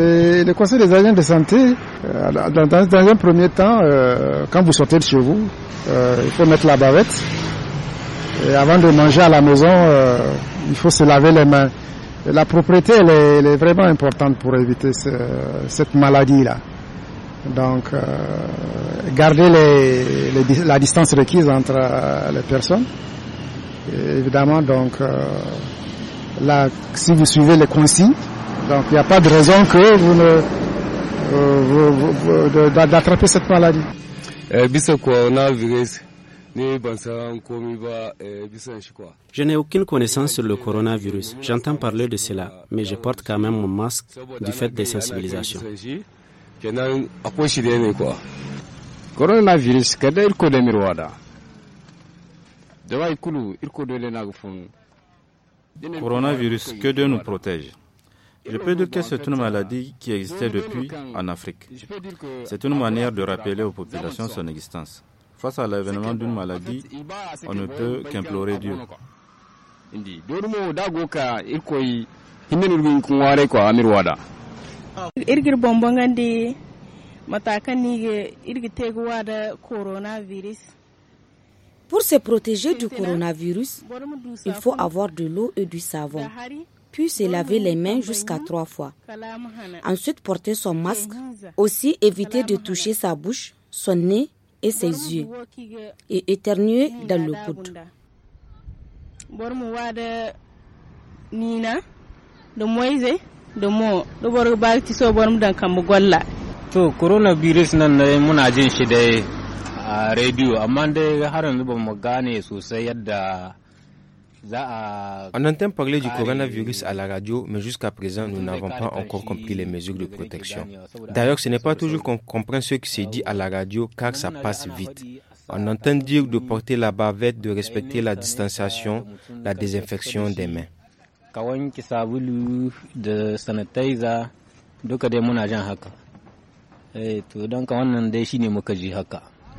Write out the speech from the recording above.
les, les, conseils des agents de santé, euh, dans, un premier temps, euh, quand vous sortez de chez vous, euh, il faut mettre la bavette. Et avant de manger à la maison, il faut se laver les mains. la propriété, elle est, vraiment importante pour éviter cette maladie-là. Donc, garder la distance requise entre les personnes. évidemment, donc, là, si vous suivez les consignes, il n'y a pas de raison que vous ne d'attraper cette maladie. Eh, eh, je n'ai aucune connaissance sur le coronavirus. J'entends parler de cela, mais je porte quand même mon masque du fait des sensibilisations. Coronavirus, Coronavirus, que Dieu nous protège. Je peux dire que c'est une maladie qui existait depuis en Afrique. C'est une manière de rappeler aux populations son existence. Face à l'événement d'une maladie, on ne peut qu'implorer Dieu. Pour se protéger du coronavirus, il faut avoir de l'eau et du savon puis se laver les mains jusqu'à trois fois. Ensuite, porter son masque, aussi éviter de toucher sa bouche, son nez et ses yeux, et éternuer dans le coude. to coronavirus nan na muna jin shi dai a rediyo amma dai har yanzu gane sosai yadda on entend parler du coronavirus à la radio, mais jusqu'à présent, nous n'avons pas encore compris les mesures de protection. D'ailleurs, ce n'est pas toujours qu'on comprend ce qui se ah dit à la radio, car ça passe vite. On entend dire de porter la bavette, de respecter la distanciation, la désinfection des mains.